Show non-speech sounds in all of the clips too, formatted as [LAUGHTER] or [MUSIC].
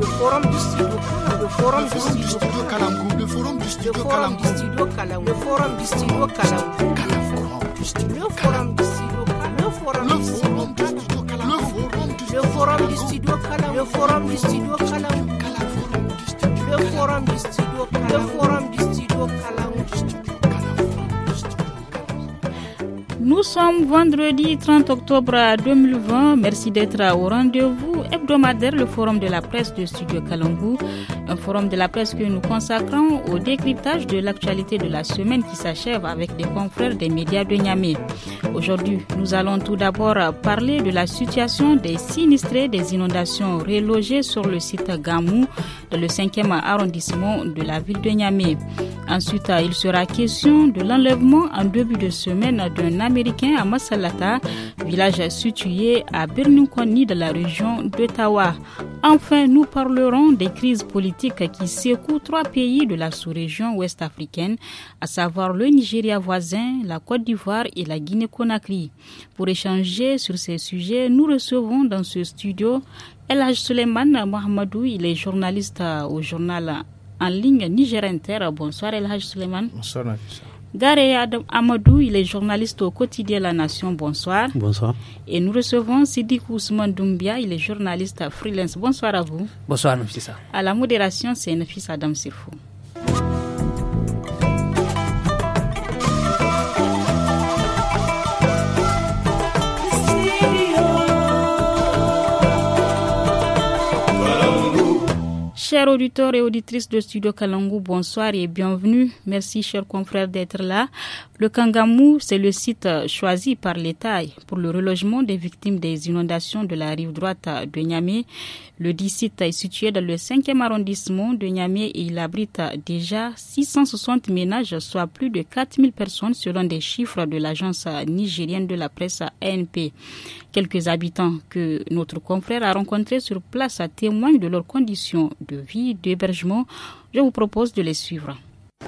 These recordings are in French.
le forum du studio le forum du studio le forum du studio le forum du studio le forum du studio le forum du le forum du le forum du forum du forum du forum du Nous sommes vendredi 30 octobre 2020. Merci d'être au rendez-vous hebdomadaire, le forum de la presse de Studio Kalangou forum de la presse que nous consacrons au décryptage de l'actualité de la semaine qui s'achève avec des confrères des médias de Niamey. Aujourd'hui, nous allons tout d'abord parler de la situation des sinistrés des inondations relogées sur le site Gamou dans le 5e arrondissement de la ville de Niamey. Ensuite, il sera question de l'enlèvement en début de semaine d'un Américain à Masalata, village situé à Bernoukoni de la région d'Ottawa. Enfin, nous parlerons des crises politiques qui secoue trois pays de la sous-région ouest africaine, à savoir le Nigeria voisin, la Côte d'Ivoire et la Guinée-Conakry. Pour échanger sur ces sujets, nous recevons dans ce studio El Haj Suleiman Mohamedou, il est journaliste euh, au journal en ligne Niger Inter. Bonsoir El Haj Suleiman. Bonsoir Nafisa. Gare Amadou, il est journaliste au quotidien La Nation. Bonsoir. Bonsoir. Et nous recevons Sidi Ousmane Doumbia, il est journaliste à freelance. Bonsoir à vous. Bonsoir, ça. À la modération, c'est Nafissa Adam Sefou. Chers auditeurs et auditrices de Studio Kalangu, bonsoir et bienvenue. Merci, chers confrères, d'être là. Le Kangamou, c'est le site euh, choisi par l'État pour le relogement des victimes des inondations de la rive droite de Niamey. Le dit site est situé dans le 5e arrondissement de Niamey et il abrite déjà 660 ménages, soit plus de 4000 personnes selon des chiffres de l'agence nigérienne de la presse ANP. Quelques habitants que notre confrère a rencontrés sur place témoignent de leurs conditions de vie, d'hébergement. Je vous propose de les suivre.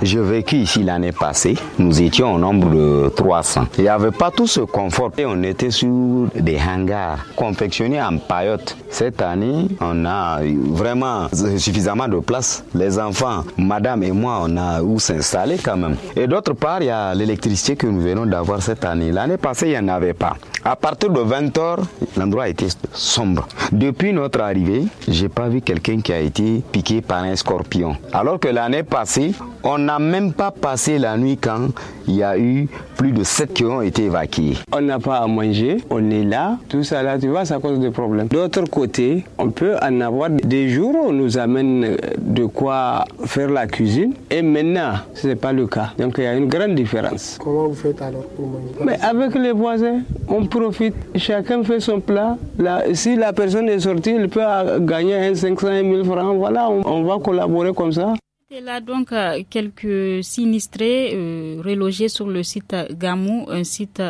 Je vécu ici l'année passée. Nous étions au nombre de 300. Il n'y avait pas tout ce confort. Et on était sur des hangars confectionnés en paillotes. Cette année, on a vraiment suffisamment de place. Les enfants, madame et moi, on a où s'installer quand même. Et d'autre part, il y a l'électricité que nous venons d'avoir cette année. L'année passée, il n'y en avait pas. À partir de 20 h l'endroit était sombre. Depuis notre arrivée, j'ai pas vu quelqu'un qui a été piqué par un scorpion. Alors que l'année passée, on on n'a même pas passé la nuit quand il y a eu plus de 7 qui ont été évacués. On n'a pas à manger, on est là, tout ça là, tu vois, ça cause des problèmes. D'autre côté, on peut en avoir des jours où on nous amène euh, de quoi faire la cuisine et maintenant, ce n'est pas le cas. Donc il y a une grande différence. Comment vous faites alors pour manger Mais avec les voisins, on profite, chacun fait son plat. Là, si la personne est sortie, elle peut euh, gagner un 500, 1000 francs, voilà, on va collaborer comme ça. Et là, donc, euh, quelques sinistrés euh, relogés sur le site Gamou, un site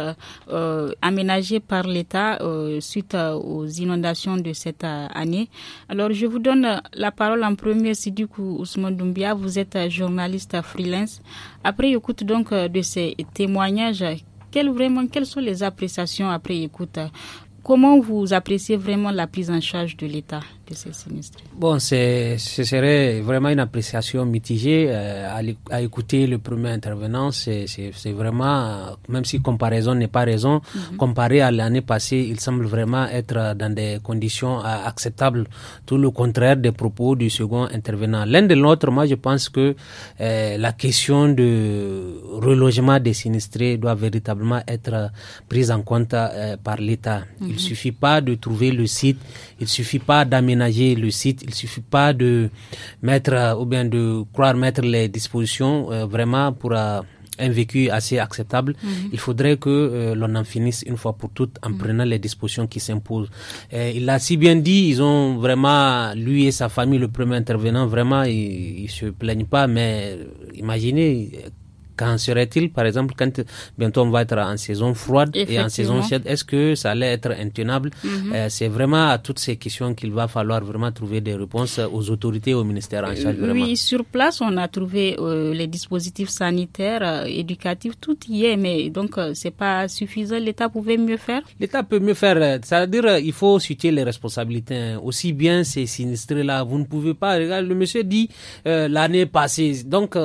euh, aménagé par l'État suite aux inondations de cette année. Alors, je vous donne la parole en premier, Sidikou Ousmane Doumbia. Vous êtes journaliste freelance. Après écoute donc de ces témoignages, quelles, vraiment, quelles sont les appréciations après écoute Comment vous appréciez vraiment la prise en charge de l'État ces sinistrés Bon, ce serait vraiment une appréciation mitigée. Euh, à, écouter le premier intervenant, c'est vraiment, même si comparaison n'est pas raison, mhm. comparé à l'année passée, il semble vraiment être dans des conditions euh, acceptables. Tout le contraire des propos du second intervenant. L'un de l'autre, moi, je pense que euh, la question de relogement des sinistrés doit véritablement être prise en compte par l'État. Il ne mhm. Il suffit pas de trouver le site, il suffit pas d'aménager aménager le site. Il suffit pas de mettre euh, ou bien de croire mettre les dispositions euh, vraiment pour euh, un vécu assez acceptable. Mhm. Il faudrait que l'on en finisse une fois pour toutes en mhm. prenant les dispositions qui s'imposent. il l'a si bien dit, ils ont vraiment, lui et sa famille, le premier intervenant, vraiment, ils, ne se plaignent pas, mais imaginez Qu'en serait-il, par exemple, quand bientôt on va être en saison froide et en saison chaude Est-ce que ça allait être intenable mhm. euh, C'est vraiment à toutes ces questions qu'il va falloir vraiment trouver des réponses aux autorités, au ministère en charge. Euh, oui, sur place, on a trouvé euh, les dispositifs sanitaires, éducatifs, tout y est, mais donc c'est pas suffisant. L'État pouvait mieux faire L'État peut mieux faire. C'est-à-dire, il faut situer les responsabilités. Hein. Aussi bien ces sinistrés-là, vous ne pouvez pas. le monsieur dit l'année passée. Donc,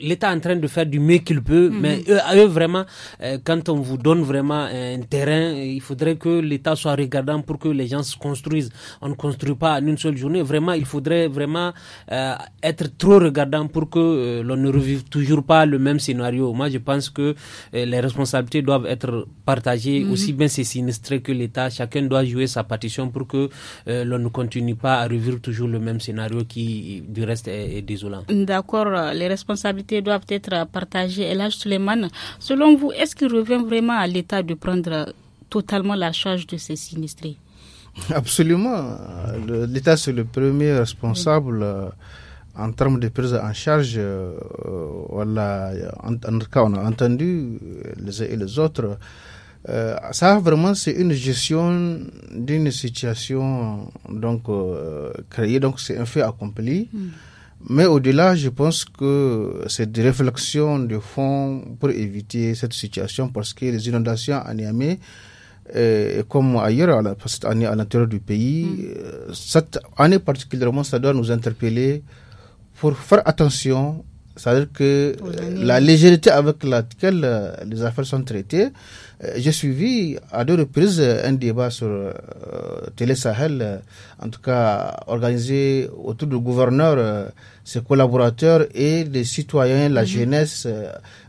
l'État est en train de faire du mieux qu'il peut. Mhm. Mais eux, eux vraiment, euh, quand on vous donne vraiment un terrain, euh, il faudrait que l'État soit regardant pour que les gens se construisent. On ne construit pas en une seule journée. Vraiment, il faudrait vraiment euh, être trop regardant pour que l'on ne revive toujours pas le même scénario. Moi, je pense que les responsabilités doivent être partagées. Mhm. Aussi bien c'est sinistré que l'État, chacun doit jouer sa partition pour que l'on ne continue pas à revivre toujours le même scénario qui, du reste, est, est désolant. D'accord. Les responsabilités doivent être partagées et Elage Suleiman. Selon vous, est-ce qu'il revient vraiment à l'État de prendre totalement la charge de ces sinistrés Absolument. L'État, c'est le premier responsable. Euh, en termes de prise en charge, voilà, euh, euh, en, tout cas, on a entendu les uns et les autres. ça, vraiment, c'est une gestion d'une situation donc créée, donc c'est un fait accompli. Hmm. Mais au-delà, je pense que c'est des réflexions de fond pour éviter cette situation parce que les inondations à Niamey, euh, comme ailleurs à, la, année, à l'intérieur du pays, mm. euh, cette année particulièrement, ça doit nous interpeller pour faire attention, c'est-à-dire que la légèreté avec laquelle les affaires sont traitées, euh, j'ai suivi à deux reprises euh, un débat sur euh, Télé Sahel, en tout cas organisé autour du gouverneur, ses collaborateurs et des citoyens, la mhm. jeunesse,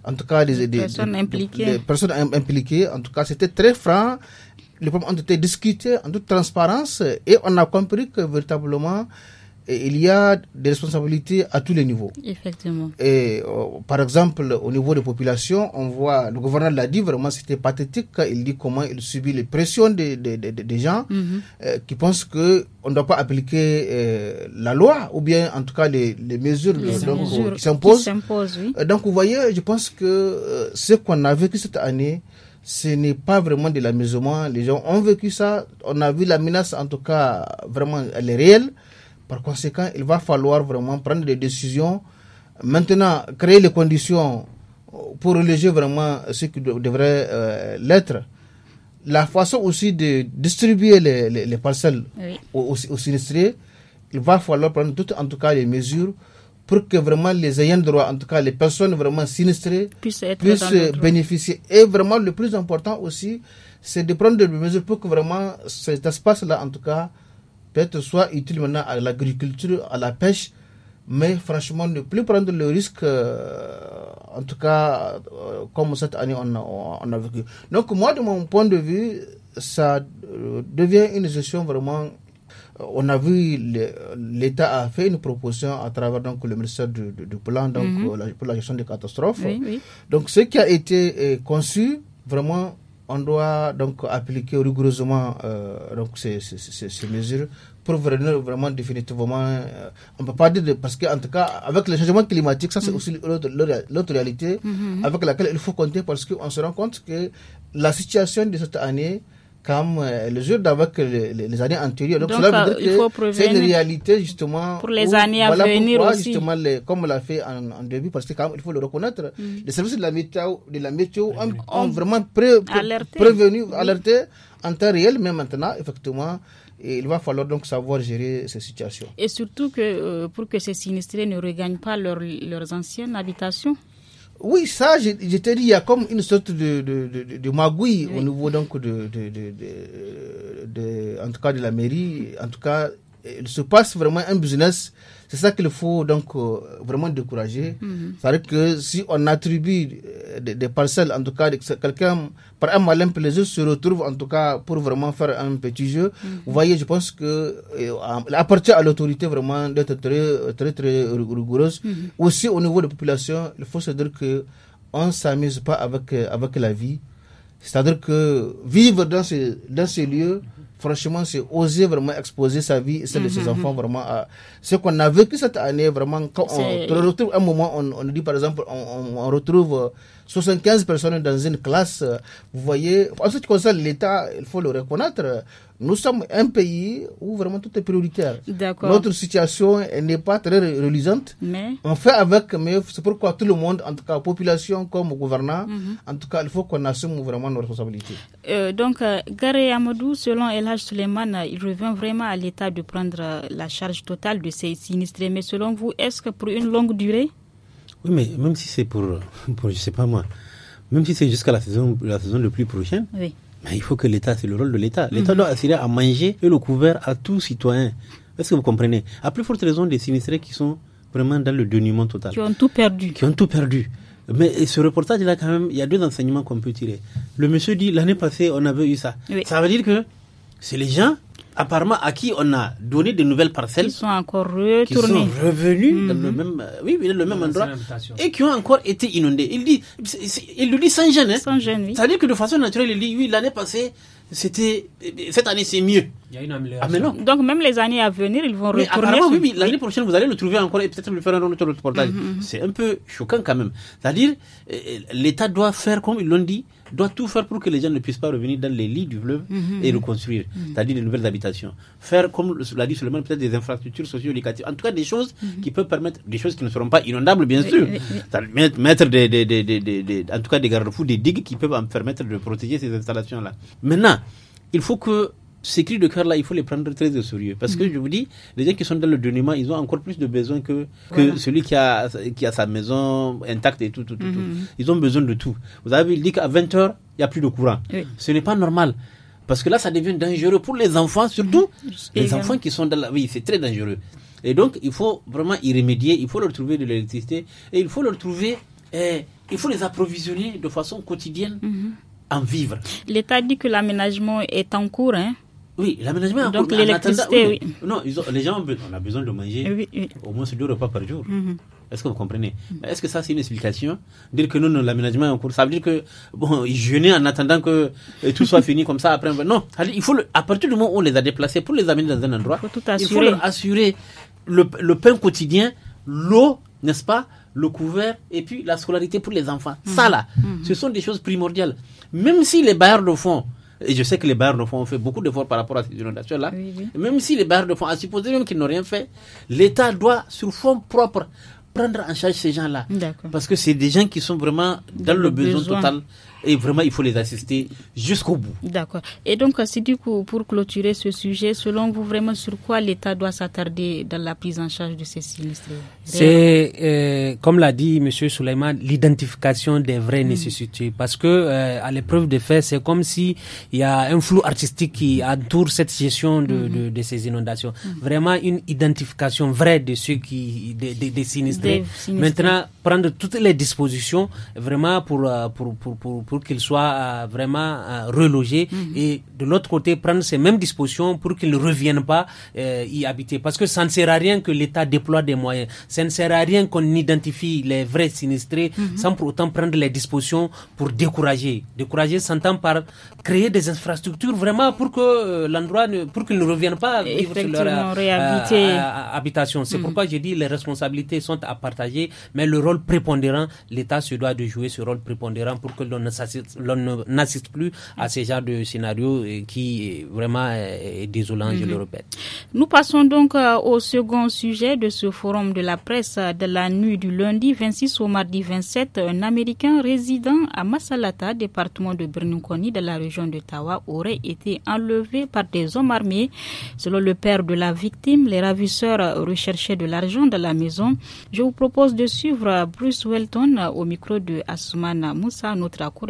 en tout cas des, personnes impliquées. Des personnes impliquées. En tout cas, c'était très franc les problèmes ont été discutés en toute transparence et on a compris que véritablement il y a des responsabilités à tous les niveaux. Effectivement. Et euh, par exemple, au niveau des populations, on voit, le gouverneur l'a dit, vraiment c'était pathétique. Il dit comment il subit les pressions des, gens mhm. euh, qui pensent qu'on ne doit pas appliquer euh, la loi ou bien en tout cas les, les mesures, qui s'imposent. donc vous voyez, je pense que ce qu'on a vécu cette année, ce n'est pas vraiment de l'amusement. Les gens ont vécu ça. On a vu la menace, en tout cas, vraiment, elle est réelle. Par conséquent, il va falloir vraiment prendre des décisions. Maintenant, créer les conditions pour reléger vraiment ce qui devrait euh, l'être. La façon aussi de distribuer les, parcelles aux, aux, sinistrés, il va falloir prendre toutes en tout cas les mesures pour que vraiment les ayants droit, en tout cas les personnes vraiment sinistrées, puissent bénéficier. Et vraiment le plus important aussi, c'est de prendre des mesures pour que vraiment cet espace-là, en tout cas, peut-être soit utile maintenant à l'agriculture, à la pêche, mais franchement, ne plus prendre le risque, euh, en tout cas, euh, comme cette année on a, vécu. Donc, moi, de mon point de vue, ça euh, devient une gestion vraiment. On a vu, l'État a fait une proposition à travers donc, le ministère du, Plan donc, mhm. pour la gestion des catastrophes. Donc, ce qui a été conçu, vraiment, on doit donc appliquer rigoureusement euh, donc ces, mesures pour vraiment, vraiment définitivement. Euh, on ne peut pas dire de, parce qu'en tout cas, avec le changement climatique, ça c'est mm. aussi l'autre réalité mm-hmm. avec laquelle il faut compter parce qu'on se rend compte que la situation de cette année comme euh, le jour d'avec les, années antérieures. Donc, cela veut euh, que c'est une réalité justement. Pour les années à venir aussi. Justement, comme on l'a fait en, début, parce que il faut le reconnaître, mm. les services de la météo, de la ont, vraiment prévenu, alerté en temps réel, mais maintenant, effectivement, et il va falloir donc savoir gérer ces situations. Et surtout que euh, pour que ces sinistrés ne regagnent pas leurs anciennes habitations. Oui, ça, j'ai je il y a comme une sorte de, magouille au niveau donc de, de, en tout cas de la mairie. En tout cas, il se passe vraiment un business c'est ça qu'il faut donc euh, vraiment décourager. Mhm. cest à que si on attribue euh, des, parcelles, en tout cas, quelqu'un, par un malin plaisir, se retrouve en tout cas pour vraiment faire un petit jeu, mhm. vous voyez, je pense que partir euh, appartient à l'autorité vraiment d'être très, très, très rigoureuse. Mhm. Aussi, au niveau de la population, il faut se dire que on ne s'amuse pas avec, avec la vie. C'est-à-dire que vivre dans dans ces lieux, franchement, c'est oser vraiment exposer sa vie et celle de ses mhm, enfants mhm. vraiment à ce qu'on a vécu cette année. Vraiment, quand on retrouve un moment, on, on dit par exemple, on, on retrouve 75 euh, personnes dans une classe. Euh, vous voyez, en ce qui concerne l'État, il faut le reconnaître. Nous sommes un pays où vraiment tout est prioritaire. Notre situation n'est pas très reluisante. Mais... On fait avec, mais c'est pourquoi tout le monde, en tout cas population comme gouvernant, mhm. en tout cas, il faut qu'on assume vraiment nos responsabilités. Euh, donc, euh, Amadou, selon Elhaj Suleiman, il revient vraiment à l'État de prendre euh, la charge totale de ces sinistres. Mais selon vous, est-ce que pour une longue durée Oui, mais même si c'est pour, je [LAUGHS] je sais pas moi, même si c'est jusqu'à la saison, la saison le plus prochaine. Oui mais il faut que l'État, c'est le rôle de l'État. L'État mhm. doit assurer à manger et le couvert à tout citoyen. Est-ce que vous comprenez À plus forte raison des sinistrés qui sont vraiment dans le dénuement total. Qui ont tout perdu. Qui ont tout perdu. Mais ce reportage-là, quand même, il y a deux enseignements qu'on peut tirer. Le monsieur dit, l'année passée, on avait eu ça. Ça veut dire que c'est les gens apparemment à qui on a donné de nouvelles parcelles. Qui sont encore retournées. Qui revenues dans le mhm. même, oui, dans le même endroit. Et qui ont encore été inondées. Il, dit, il le dit sans gêne. Hein. C'est-à-dire que de façon naturelle, il dit, oui, l'année passée, c'était, cette année, c'est mieux. Il y a une amélioration. Ah, Donc, même les années à venir, ils vont retourner. oui, oui l'année prochaine, vous allez le trouver encore et peut-être le faire un autre reportage. Mhm, mhm. C'est un peu choquant quand même. C'est-à-dire, euh, l'État doit faire comme ils l'ont dit, doit tout faire pour que les gens ne puissent pas revenir dans les lits du fleuve mhm. et reconstruire, construire, c'est-à-dire de nouvelles habitations. Faire, comme l'a dit Solomon, peut-être des infrastructures socio-éducatives, en tout cas des choses mhm. qui peuvent permettre, des choses qui ne seront pas inondables, bien sûr, mettre des, des, des, des, en tout cas des garde-fous, des digues qui peuvent permettre de protéger ces installations-là. Maintenant, il faut que ces cris de cœur-là, il faut les prendre très au sérieux. Parce que mm. je vous dis, les gens qui sont dans le dénuement, ils ont encore plus de besoins que, que celui qui a, qui a sa maison intacte et tout, tout, tout, mm-hmm. Ils ont besoin de tout. Vous avez dit qu'à 20 h il n'y a plus de courant. Ce n'est pas normal. Parce que là, ça devient dangereux pour les enfants, surtout mm-hmm. les euh, enfants qui sont dans la. vie, c'est très dangereux. Et donc, il faut vraiment y remédier. Il faut leur trouver de l'électricité et il faut leur trouver. Eh, il faut les approvisionner de façon quotidienne mm-hmm. en vivre. L'État dit que l'aménagement est en cours. Hein oui, l'aménagement Donc l'électricité, oui. Non, les gens ont, on a besoin de manger au moins deux repas par jour. Mhm. Est-ce que vous comprenez Est-ce que ça, c'est une explication Dire que nous, l'aménagement est en cours, ça veut dire que, bon, ils jeûnaient en attendant que euh, tout soit fini comme ça après. Ben, non, il faut à partir du moment où on les a déplacés pour les amener dans un endroit, il faut, assurer. leur assurer le, pain quotidien, l'eau, n'est-ce pas le couvert et puis la scolarité pour les enfants. Ça, là, mhm. ce sont des choses primordiales. Même si les bailleurs de fonds et je sais que les barres de fonds ont fait beaucoup d'efforts par rapport à ces inondations-là. Même si les barres de fond, à supposer même qu'ils n'ont rien fait, l'État doit, sur fonds propre, prendre en charge ces gens-là. Parce que c'est des gens qui sont vraiment dans, le, besoin, total et vraiment il faut les assister jusqu'au bout. D'accord. Et donc, du coup, pour clôturer ce sujet, selon vous, vraiment sur quoi l'État doit s'attarder dans la prise en charge de ces sinistres C'est, euh, comme l'a dit M. Souleyman, l'identification des vraies mm. nécessités. Parce que, euh, à l'épreuve des faits, c'est comme si il y a un flou artistique qui entoure cette gestion de, mm-hmm. de, ces inondations. Vraiment une identification vraie de ceux qui, des, des, Maintenant, prendre toutes les dispositions vraiment pour, euh, pour, pour pour qu'ils soient euh, vraiment euh, relogés mhm. et de l'autre côté prendre ces mêmes dispositions pour qu'ils ne reviennent pas euh, y habiter. Parce que ça ne sert à rien que l'État déploie des moyens. Ça ne sert à rien qu'on identifie les vrais sinistrés mhm. sans pour autant prendre les dispositions pour décourager. Décourager s'entend par créer des infrastructures vraiment pour que l'endroit, pour qu'ils ne reviennent pas vivre sur leur habitation. C'est mhm. pourquoi j'ai dit les responsabilités sont à partager, mais le rôle prépondérant, l'État se doit de jouer ce rôle prépondérant pour que l'on ne n'assiste plus à ce genre de scénario euh, qui vraiment euh, est désolant, je le mhm. répète. Nous passons donc euh, au second sujet de ce forum de la presse de la nuit du lundi 26 au mardi 27. Un Américain résident à Masalata, département de Bernoukoni, de la région de Tawa, aurait été enlevé par des hommes armés. Selon le père de la victime, les ravisseurs recherchaient de l'argent dans la maison. Je vous propose de suivre Bruce Welton au micro de Asman Moussa, notre accord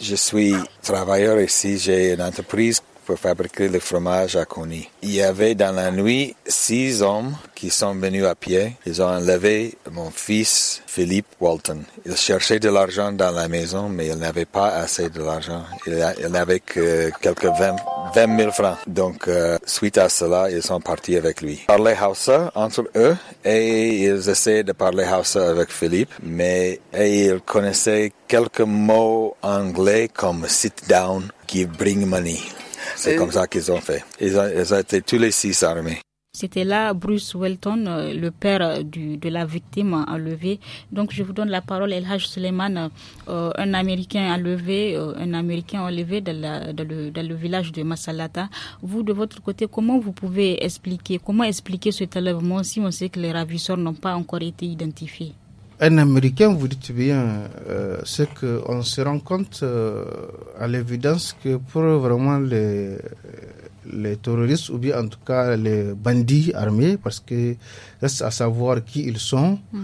je suis travailleur ici, j'ai une entreprise pour fabriquer le fromage à Conny. Il y avait dans la nuit six hommes qui sont venus à pied. Ils ont enlevé mon fils Philippe Walton. Ils cherchaient de l'argent dans la maison, mais ils n'avaient pas assez de l'argent. Il avait que quelques 20, 000 francs. Donc, euh, suite à cela, ils sont partis avec lui. Ils parlaient Hausa entre eux et ils essayaient de parler Hausa avec Philippe, mais ils connaissaient quelques mots anglais comme sit down, give bring money. C'est comme ça qu'ils ont fait. Ils ont, été tous les six armés. C'était là Bruce Welton, euh, le père euh, de la victime enlevée. Donc je vous donne la parole, Elhaj Suleiman, euh, un Américain enlevé, un Américain enlevé dans, la, le, dans, village de Masalata. Vous, de votre côté, comment vous pouvez expliquer, comment expliquer cet enlèvement si on sait que les ravisseurs n'ont pas encore été identifiés un Américain, vous dites bien, euh, c'est qu'on se rend compte euh, à l'évidence que pour vraiment les, les terroristes, ou bien en tout cas les bandits armés, parce que reste à savoir qui ils sont, mm-hmm.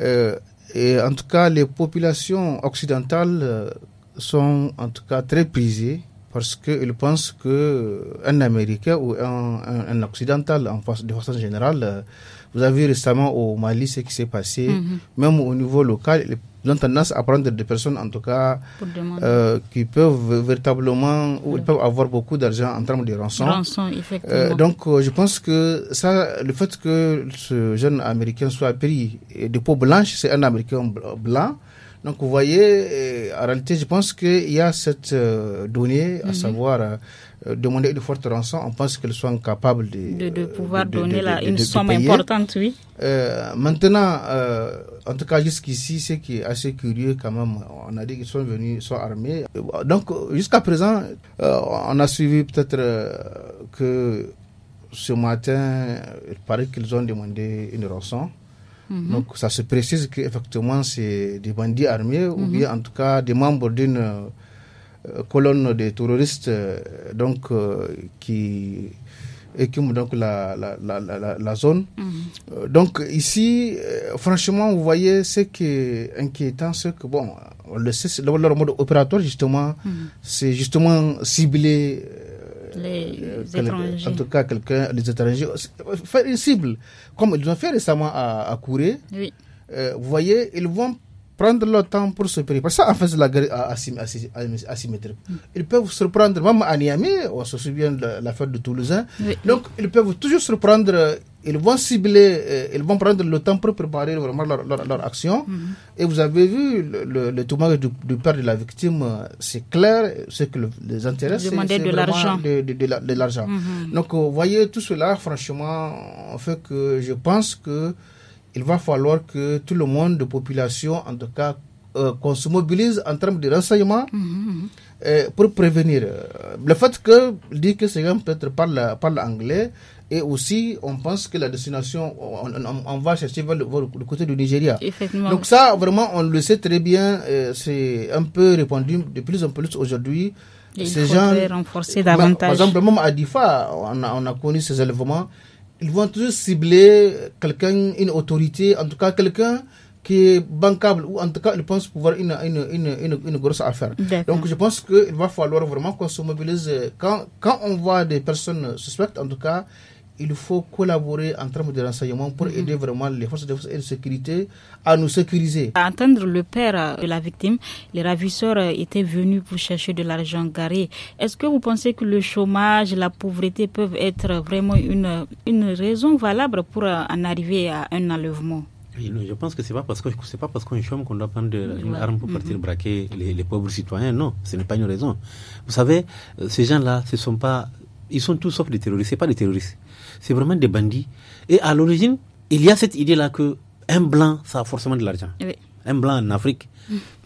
euh, et en tout cas les populations occidentales euh, sont en tout cas très prisées parce qu'ils pensent qu'un Américain ou un, un, Occidental, en face, de façon générale, vous avez vu récemment au Mali ce qui s'est passé. Mhm. Même au niveau local, ils ont tendance à prendre des personnes, en tout cas, euh, qui peuvent véritablement, ou peuvent avoir beaucoup d'argent en termes de rançon. Euh, donc, euh, je pense que ça, le fait que ce jeune Américain soit pris de peau blanche, c'est un Américain blanc. Donc, vous voyez, en réalité, je pense qu'il y a cette donnée, à mhm. savoir euh, demander une forte rançon, on pense qu'ils sont capables de, de, euh, pouvoir donner la, une somme importante, oui. Euh, maintenant, en tout cas jusqu'ici, c'est qui est assez curieux quand même. On a dit qu'ils sont venus, sont armés. Donc jusqu'à présent, on a suivi peut-être que ce matin, il paraît qu'ils ont demandé une rançon. Mhm. Donc ça se précise qu'effectivement c'est des bandits armés ou mhm. bien en tout cas des membres d'une euh, colonne des terroristes euh, donc, euh, qui écument donc la, la, la, zone. Mhm. Donc ici, franchement, vous voyez, ce qui est inquiétant, c'est que, bon, le leur mode opératoire, justement, mhm. c'est justement cibler les étrangers. En tout cas, quelqu'un, les étrangers, faire une cible, comme ils ont fait récemment à, à Kouré. vous voyez, ils vont prendre le temps pour se préparer. Ça, en fait, c'est la guerre asymétrique. Ils peuvent surprendre, même à Niamey, on se souvient de l'affaire de Toulouse. Donc, ils peuvent toujours surprendre, euh, ils vont cibler, euh, ils vont prendre le temps pour préparer vraiment leur, action. Mhm. Et vous avez vu, le, le, du, père de la victime, euh, c'est clair, ce que les intéresse, c'est de l'argent. De, l'argent. Mhm. Donc, vous voyez, tout cela, franchement, fait que je pense que il va falloir que tout le monde de population, en tout cas, euh, qu'on se mobilise en termes de renseignement mhm, mhm. euh, pour prévenir. Euh, le fait que dit que ces gens peut-être parlent, anglais et aussi on pense que la destination, on, va chercher vers le, côté du Nigeria. Donc ça, vraiment, on le sait très bien, c'est un peu répandu de plus en plus aujourd'hui. Ces gens, renforcer davantage. Par exemple, même à Difa, on a, connu ces éléments ils vont toujours cibler quelqu'un, une autorité, en tout cas quelqu'un qui est bancable ou en tout cas ils pensent pouvoir une, une, une, une, grosse affaire. Donc je pense qu'il va falloir vraiment qu'on se mobilise. Euh, quand, quand on voit des personnes suspectes, en tout cas, il faut collaborer en termes de renseignement pour mhm. aider vraiment les forces de sécurité à nous sécuriser. À entendre le père de la victime, les ravisseurs étaient venus pour chercher de l'argent garé. Est-ce que vous pensez que le chômage, la pauvreté peuvent être vraiment une, une raison valable pour euh, en arriver à un enlèvement je pense que c'est pas parce que pas parce qu'on chôme qu'on doit prendre une arme pour mhm. partir braquer les, pauvres citoyens. Non, ce n'est pas une raison. Vous savez, euh, ces gens-là, ce sont pas, ils sont tous sauf des terroristes. pas des terroristes c'est vraiment des bandits. Et à l'origine, il y a cette idée-là que un blanc, ça a forcément de l'argent. Un blanc en Afrique.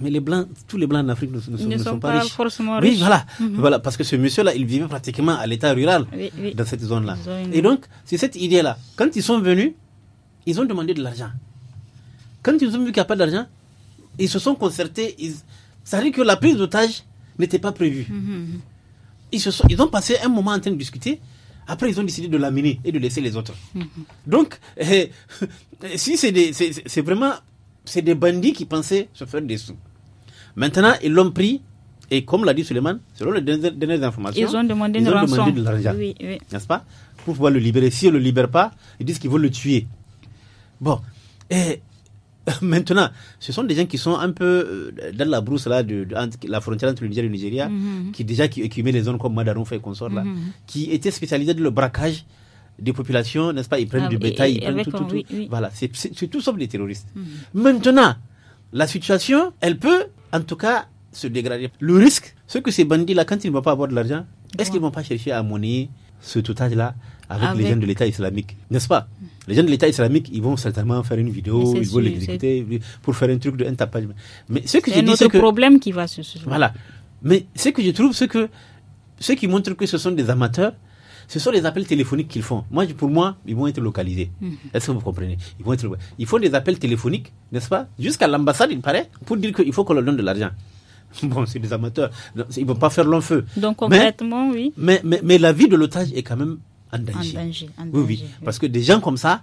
Mais les blancs, tous les blancs en Afrique ne, sont, pas, riches. Oui, voilà. Mhm. voilà. Parce que ce monsieur-là, il vivait pratiquement à l'état rural, dans cette zone-là. Et donc, c'est cette idée-là. Quand ils sont venus, ils ont demandé de l'argent. Quand ils ont vu qu'il n'y a pas d'argent, ils se sont concertés. Ils... Ça veut dire que la prise d'otage n'était pas prévue. Mhm, mhm. Ils, sont... ils ont passé un moment en train de discuter. Après, ils ont décidé de l'amener et de laisser les autres. Mhm. Donc, eh, eh, si c'est vraiment c'est des bandits qui pensaient se faire des sous. Maintenant, ils l'ont pris et comme l'a dit Suleiman, selon les dernières informations, ils ont demandé, ils ont demandé de l'argent, n'est-ce pas, pour pouvoir le libérer. Si on le libère pas, ils disent qu'ils veulent le tuer. Bon, et eh, [LAUGHS] Maintenant, ce sont des gens qui sont un peu euh, dans la brousse, là, de, la frontière entre le Niger et le Nigeria, mm-hmm. qui déjà qui écumaient les zones comme Madarouf et consort là, mm-hmm. qui étaient spécialisés dans le braquage des populations, n'est-ce pas Ils prennent ah du bétail, ils prennent tout, tout, tout. Voilà, c'est tout sauf des terroristes. Mm-hmm. Maintenant, la situation, elle peut, en tout cas, se dégrader. Le risque, ce que ces bandits-là, quand ils ne vont pas avoir de l'argent, est-ce qu'ils ne vont pas chercher à monnayer ce toutage-là avec, ah les jeunes de l'État islamique, n'est-ce pas Les jeunes de l'État islamique, ils vont certainement faire une vidéo, ils vont l'exécuter pour faire un truc de un tapage. Mais ce que je dis, c'est problème qui va se Voilà. Mais ce que je trouve, c'est que ceux qui montrent que ce sont des amateurs, ce sont les appels téléphoniques qu'ils font. Moi, pour moi, ils vont être localisés. Mhm. Est-ce que vous comprenez ils, vont être... ils font des appels téléphoniques, n'est-ce pas Jusqu'à l'ambassade, il paraît, pour dire qu'il faut qu'on leur donne de l'argent. [LAUGHS] Bon, c'est des amateurs. Ils ne vont pas faire long feu. Donc, complètement, oui. Mais, mais, mais la vie de l'otage est quand même en oui, oui, Parce que des gens comme ça,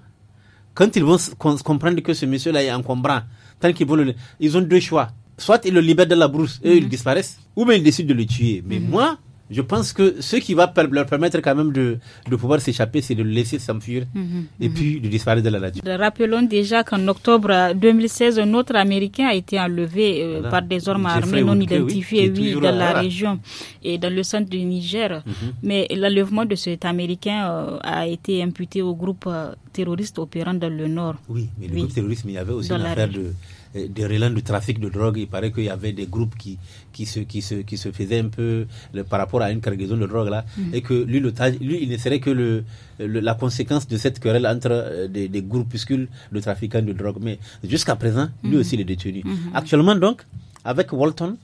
quand ils vont comprendre que ce monsieur-là est encombrant, tant qu'ils vont Ils ont deux choix. Soit ils le libèrent de la brousse et ils mm-hmm. disparaissent, ou bien ils décident de le tuer. Mais mm-hmm. moi, je pense que ce qui va leur permettre quand même de, de pouvoir s'échapper, c'est de le laisser s'enfuir mhm. Mhm. et puis de disparaître de la nature. Rappelons déjà qu'en octobre 2016, un autre Américain a été enlevé euh, par des hommes armés non identifiés oui, dans la région et dans le centre du Niger. Mhm. Mais l'enlèvement de cet Américain euh, a été imputé au groupe euh, terroriste opérant dans le nord. Oui, mais le groupe terroriste, il y avait aussi une de euh, des relents du trafic de drogue. Il paraît qu'il y avait des groupes qui, qui, se, qui, se, qui se faisaient un peu le, par rapport à une cargaison de drogue là. Mhm. Et que lui, le, lui, il ne serait que le, la conséquence de cette querelle entre euh, des, groupuscules de trafiquants de drogue. Mais jusqu'à présent, lui mhm. aussi, il est détenu. Mhm. Actuellement, donc, avec Walton,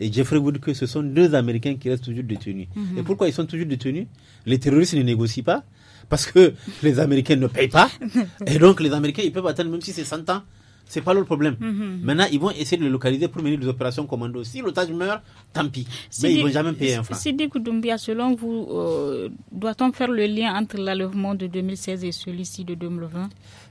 et Jeffrey Wood que ce sont deux Américains qui restent toujours détenus. Et pourquoi ils sont toujours détenus Les terroristes ne négocient pas parce que [LAUGHS] les Américains ne payent pas. [LAUGHS] Et donc les Américains, ils peuvent attendre même si c'est 100 ans c'est pas leur problème. Mhm. Maintenant, ils vont essayer de le localiser pour mener des opérations commando. Si l'otage meurt, tant pis. Mais ils ne vont jamais payer un franc. Sidi Koudoumbia, selon vous, euh, doit-on faire le lien entre l'enlèvement de 2016 et celui-ci de 2020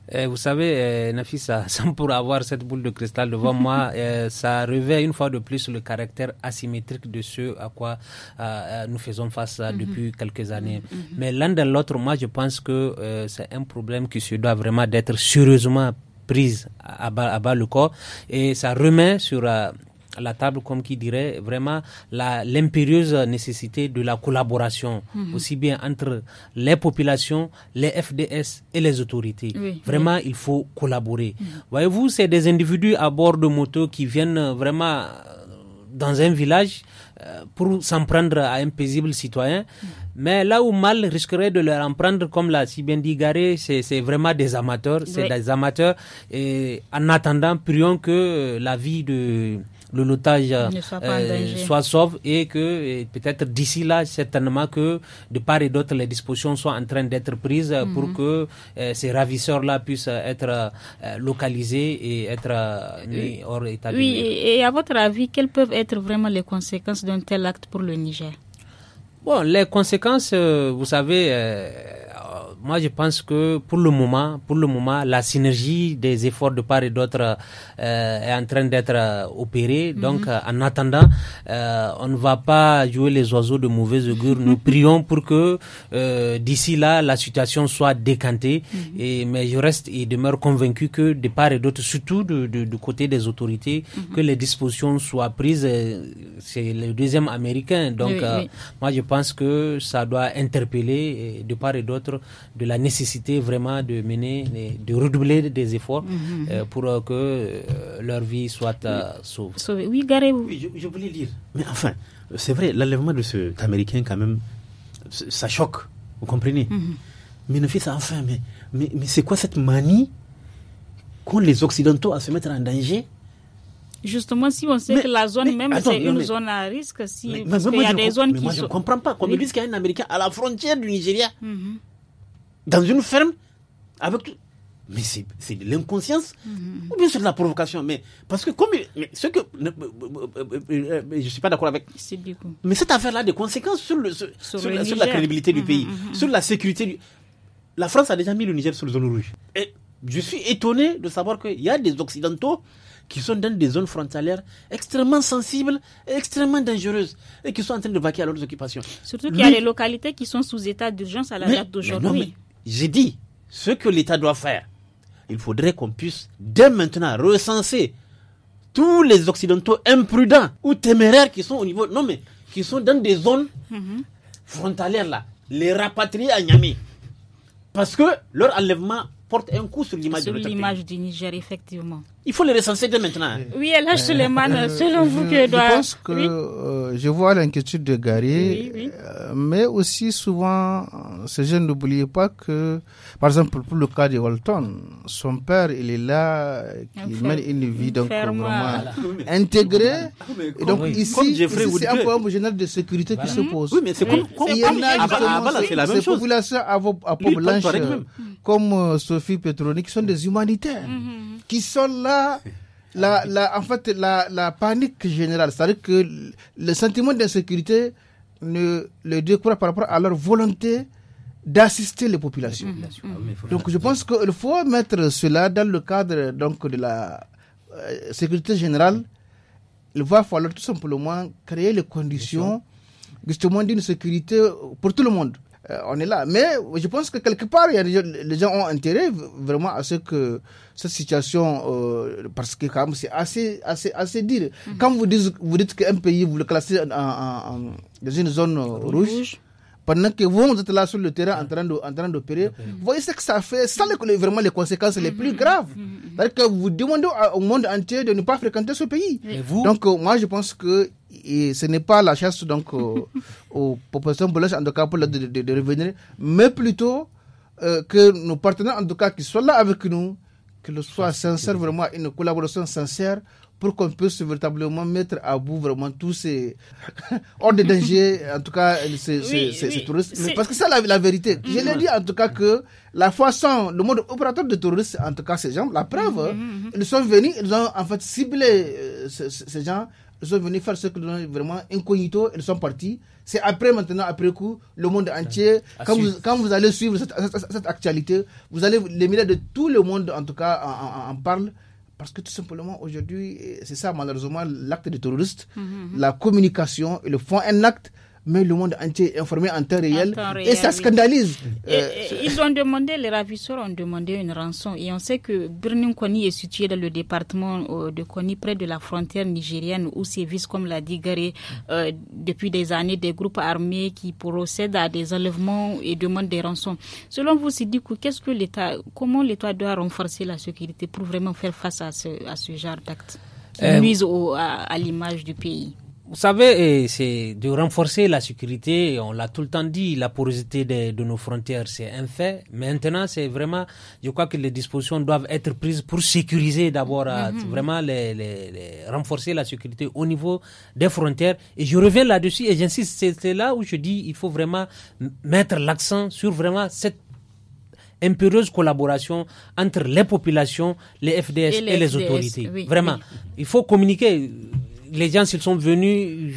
eh, vous savez, eh, Nafisa, [LAUGHS] sans pour avoir cette boule de cristal devant moi, [LAUGHS] eh, ça revêt une fois de plus le caractère asymétrique de ce à quoi euh, euh, nous faisons face mhm. depuis quelques années. Mhm. Mais l'un de l'autre, moi, je pense que c'est un problème qui se doit vraiment d'être sérieusement prise à bas, à le corps et ça remet sur euh, la table, comme qui dirait, vraiment l'impérieuse nécessité de la collaboration, mhm. aussi bien entre les populations, les FDS et les autorités. vraiment, il faut collaborer. Mhm. Voyez-vous, c'est des individus à bord de moto qui viennent vraiment dans un village euh, pour s'en prendre à un paisible citoyen. Mais là où mal risquerait de leur en prendre, comme l'a si bien dit Garé, c'est vraiment des amateurs. C'est des amateurs. Et en attendant, prions que euh, la vie de le lotage euh, soit, euh, sauve et que peut-être d'ici là, certainement que de part et d'autre, les dispositions soient en train d'être prises mhm. pour que euh, ces ravisseurs-là puissent euh, être localisés et être mis hors état Oui, et, à votre avis, quelles peuvent être vraiment les conséquences d'un tel acte pour le Niger Bon, les conséquences, vous savez moi je pense que pour le moment, pour le moment, la synergie des efforts de part et d'autre euh, est en train d'être euh, opérée. Mhm. Donc, euh, en attendant, on ne va pas jouer les oiseaux de mauvaise augure. Nous [LAUGHS] prions pour que d'ici là, la situation soit décantée. Mhm. Et mais je reste et demeure convaincu que de part et d'autre, surtout du de, côté des autorités, mhm. que les dispositions soient prises. C'est le deuxième américain. Donc, moi je pense que ça doit interpeller de part et d'autre de la nécessité vraiment de mener, de redoubler des efforts mhm. euh, pour euh, que euh, leur vie soit sauve. Oui, je, voulais lire. Mais enfin, c'est vrai, l'enlèvement de cet Américain, quand même, ça choque. Vous comprenez mhm. Mais ne enfin, mais, mais, c'est quoi cette manie qu'ont les Occidentaux à se mettre en danger Justement, si on sait que la zone même, c'est une zone à risque, si, parce y a des zones qui... Moi, je ne comprends pas. Qu'on me dise qu'il y a un Américain à la frontière du Nigeria. Mhm dans une ferme, avec tout. Mais c'est de l'inconscience mm-hmm. ou bien c'est de la provocation. Mais parce que comme ce que euh, euh, euh, je suis pas d'accord avec. Mais cette affaire-là a des conséquences sur le la, crédibilité du mm-hmm, pays, mm-hmm. sur la sécurité. Du... La France a déjà mis le Niger sur le zone rouge. Et je suis étonné de savoir qu'il y a des Occidentaux qui sont dans des zones frontalières extrêmement sensibles et extrêmement dangereuses et qui sont en train de vaquer à leurs occupations. Surtout qu'il y a les localités qui sont sous état d'urgence à la date d'aujourd'hui j'ai dit ce que l'État doit faire. Il faudrait qu'on puisse dès maintenant recenser tous les Occidentaux imprudents ou téméraires qui sont au niveau. Non, mais qui sont dans des zones mhm. frontalières là, les rapatrier à Niamey. Parce que leur enlèvement porte un coup sur l'image de l'image du Niger, effectivement. Il faut les recenser dès maintenant. Oui, là, Suleiman, euh, selon vous, que doit... Je pense que euh, je vois l'inquiétude de Gary, euh, mais aussi souvent, ces jeunes n'oubliez pas que, par exemple, pour le cas de Walton, son père, il est là, il mène une vie donc vraiment intégrée. Et donc ici, c'est un problème général de sécurité qui se mhm. pose. Oui, mais c'est comme, comme il y la même ces populations à peau blanche, comme Sophie Petroni, qui sont des humanitaires. Mhm qui sont là. La, la, en fait, la, panique générale, c'est-à-dire que le sentiment d'insécurité ne le découvre par rapport à leur volonté d'assister les populations. Mm-hmm. Ah donc je pense qu'il faut mettre cela dans le cadre donc, de la euh, sécurité générale. Il va falloir tout simplement créer les conditions justement d'une sécurité pour tout le monde. Euh, on est là. Mais je pense que quelque part, les gens ont intérêt vraiment à ce que cette situation, euh, parce que quand même, c'est assez, assez, assez dire. Mhm. Quand vous dites, vous dites qu'un pays, vous le classez dans une zone euh, rouge pendant que vous êtes là sur le terrain en train d'opérer, vous voyez ce que ça fait, sans les, vraiment les conséquences les plus graves. Mm, mm, mm, que vous demandez au monde entier de ne pas fréquenter ce pays. donc euh, moi je pense que ce n'est pas la chasse donc euh, aux [LAUGHS] populations belges, en tout cas pour de, revenir, mais plutôt euh, que nos partenaires en tout cas qui soient là avec nous, que le soit vraiment une collaboration sincère pour qu'on puisse véritablement mettre à bout vraiment tous ces [LAUGHS] hors de danger, en tout cas ces, ces, ces touristes. parce que ça, la, vérité, mm. je l'ai dit en tout cas que la façon, le monde opérateur de touristes, en tout cas ces gens, la preuve, mm, mm, ils sont venus, ils ont en fait ciblé euh, ces, gens ils sont venus faire ce que vraiment incognito, ils sont partis. C'est après maintenant, après coup, le monde entier, quand vous, quand vous, allez suivre cette, actualité, vous allez, les médias de tout le monde en tout cas en, en, en parlent. Parce que tout simplement, aujourd'hui, c'est ça malheureusement l'acte des terroristes. Mhm, mhm. La communication, ils font un acte, mais le monde entier est informé en temps réel, et ça scandalise. Euh, ils ont demandé, les ravisseurs ont demandé une rançon et on sait que Birnin Koni est situé dans le département euh, de Koni près de la frontière nigérienne où sévissent, comme l'a dit Garé, euh, depuis des années des groupes armés qui procèdent à des enlèvements et demandent des rançons. Selon vous, Sidikou, qu'est-ce que l'État, comment l'État doit renforcer la sécurité pour vraiment faire face à ce, genre d'actes qui à l'image du pays vous savez, eh, c'est de renforcer la sécurité, on l'a tout le temps dit, la porosité de, nos frontières, c'est un fait. Maintenant, c'est vraiment, je crois que les dispositions doivent être prises pour sécuriser d'abord, euh, mhm. vraiment les, renforcer la sécurité au niveau des frontières. Et je reviens là-dessus et j'insiste, c'est là où je dis, il faut vraiment mettre l'accent sur vraiment cette impérieuse collaboration entre les populations, les FDS et les, autorités. Vraiment, il faut communiquer les gens, s'ils sont venus,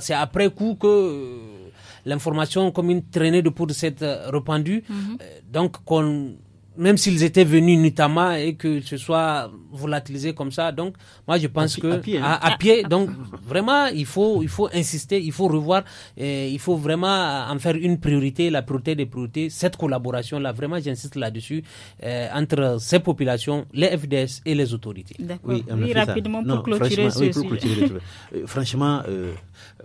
c'est après coup que euh, l'information, comme une traînée de poudre, s'est euh, répandue. Mhm. Euh, donc, qu'on même s'ils étaient venus notamment et que ce soit volatilisé comme ça. Donc, moi, je pense que hein. à pied, donc vraiment, il faut, il faut insister, il faut revoir, il faut vraiment en faire une priorité, la priorité des priorités, cette collaboration-là. Vraiment, j'insiste là-dessus euh, entre ces populations, les FDS et les autorités. Oui, rapidement pour clôturer ce sujet euh, franchement, euh,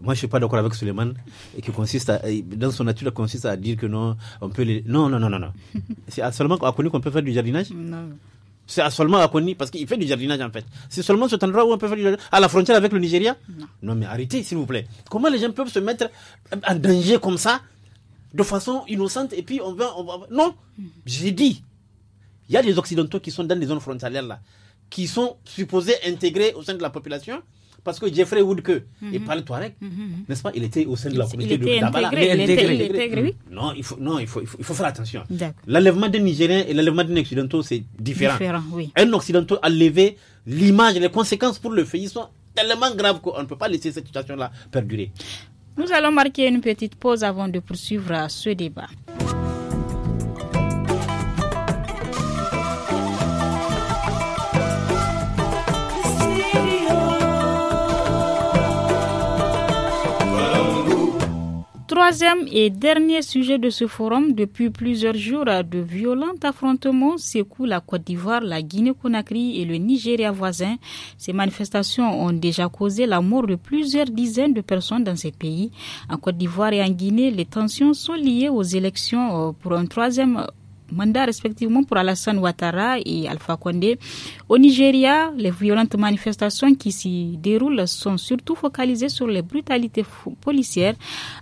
moi, je suis pas d'accord avec Suleiman et qui consiste à, dans son nature consiste à dire que non, on peut les, non, non, non, non, non. [LAUGHS] C'est seulement à qu'on peut faire du jardinage Non. C'est seulement à Koni parce qu'il fait du jardinage en fait. C'est seulement cet endroit où on peut faire du jardinage. À la frontière avec le Nigeria Non, non mais arrêtez s'il vous plaît. Comment les gens peuvent se mettre en danger comme ça, de façon innocente, et puis on va. On va... Non mm. J'ai dit, il y a des Occidentaux qui sont dans les zones frontalières là, qui sont supposés intégrer au sein de la population. Parce que Jeffrey Woodke, mhm. il parle Touareg, mhm, mhm, n'est-ce pas Il était au sein de la communauté il de Il, était intégré. Oui. Non, il faut, non il, faut, il, faut, faire attention. L'enlèvement des Nigériens et l'enlèvement des Occidentaux, c'est différent. Un Occidentaux a levé l'image, les conséquences pour le pays sont tellement graves qu'on ne peut pas laisser cette situation-là perdurer. Nous allons marquer une petite pause avant de poursuivre ce débat. Troisième et dernier sujet de ce forum, depuis plusieurs jours, de violents affrontements secouent la Côte d'Ivoire, la Guinée-Conakry et le Nigeria voisin. Ces manifestations ont déjà causé la mort de plusieurs dizaines de personnes dans ces pays. En Côte d'Ivoire et en Guinée, les tensions sont liées aux élections euh, pour un troisième mandat respectivement pour Alassane Ouattara et Alpha Condé. Au Nigeria, les violentes manifestations qui s'y déroulent sont surtout focalisées sur les brutalités policières.